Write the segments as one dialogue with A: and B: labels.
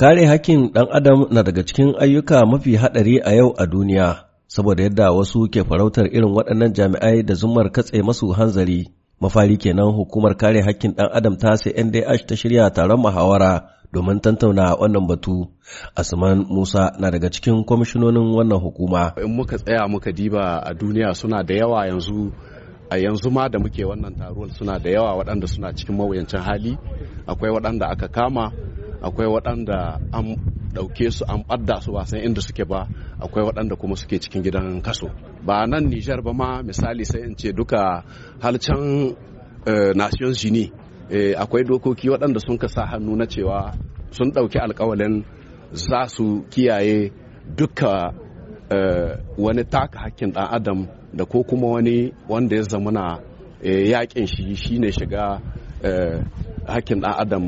A: Kare hakkin ɗan Adam na daga cikin ayyuka mafi haɗari a yau a duniya, saboda yadda wasu ke farautar irin waɗannan jami'ai da zumar katse masu hanzari. Mafari kenan hukumar kare hakkin ɗan Adam ta sai NDH ta shirya taron muhawara domin tantauna wannan batu. Asman Musa na daga cikin kwamishinonin wannan hukuma. In muka
B: tsaya muka diba a duniya suna da yawa yanzu a yanzu ma da muke wannan taruwar suna da yawa waɗanda suna cikin mawuyancin hali akwai waɗanda aka kama akwai waɗanda an ɗauke su an ɓadda su ba san inda suke ba akwai waɗanda kuma suke cikin gidan kaso ba nan nijar ba ma misali sai in ce duka halcan eh, nations jini eh, akwai dokoki waɗanda sun sa hannu na cewa sun ɗauki alkawalin za su kiyaye duka eh, wani taka hakkin ɗan adam da ko kuma wani wanda ya zamana yakin shi shine shiga hakkin ɗan adam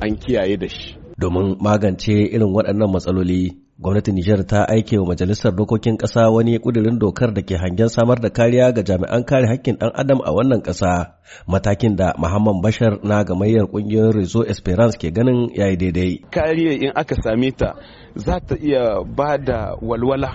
B: an kiyaye da shi
A: domin magance irin waɗannan matsaloli gwamnatin Nijar ta aike wa majalisar dokokin ƙasa wani ƙudurin dokar da ke hangen samar da kariya ga jami'an kare hakkin ɗan adam a wannan ƙasa matakin da Muhammad Bashar na gamayyar ƙungiyar Rezo Esperance ke ganin yayi daidai. Kariya
C: in aka same ta za ta iya ba da walwala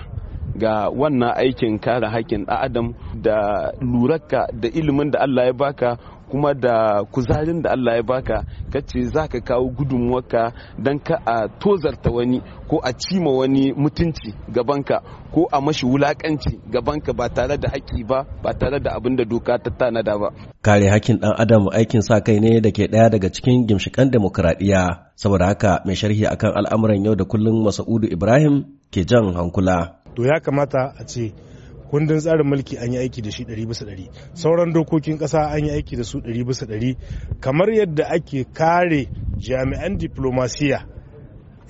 C: ga wannan aikin kare hakkin ɗan adam da lurarka da ilimin da Allah ya baka kuma da kuzarin da Allah ya baka kace za ka kawo gudunmuwarka don ka a tozarta wani ko a cima wani mutunci gabanka ko a mashi wulakanci gabanka ba tare da haƙƙi ba ba tare da abin da doka ta tanada ba.
A: Kare hakkin ɗan adam aikin sa kai ne da ke ɗaya daga cikin gimshikan demokuraɗiyya saboda haka mai sharhi akan al'amuran yau da kullum Masa'udu Ibrahim ke jan hankula.
D: To ya kamata a ce kundin tsarin mulki an yi aiki da shi ɗari bisa ɗari sauran dokokin ƙasa an yi aiki da su ɗari bisa ɗari kamar yadda ake kare jami'an diplomasiya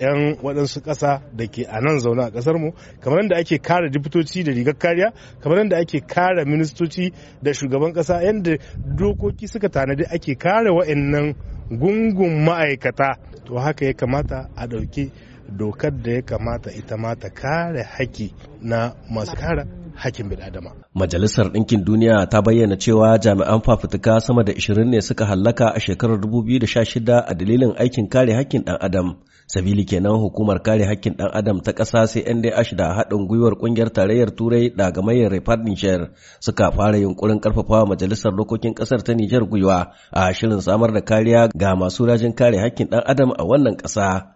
D: 'yan waɗansu ƙasa da ke a nan zaune a ƙasar mu kamar yadda ake kare diputoci da rigar kariya kamar yadda ake kare ministoci da shugaban ƙasa yadda dokoki suka tanadi ake kare wa'annan gungun ma'aikata to haka ya kamata a ɗauki dokar da ya kamata ita ma ta kare haki na masu kare hakin bil'adama.
A: Majalisar Ɗinkin Duniya ta bayyana cewa jami'an fafutuka sama da 20 ne suka hallaka a shekarar 2016 a dalilin aikin kare hakkin ɗan adam. Sabili kenan hukumar kare hakkin ɗan adam ta ƙasa sai NDH da haɗin gwiwar ƙungiyar tarayyar Turai da gamayyar Repartishare suka fara yunkurin ƙarfafawa majalisar dokokin ƙasar ta Nijar gwiwa a shirin samar da kariya ga masu rajin kare hakkin ɗan adam a wannan ƙasa.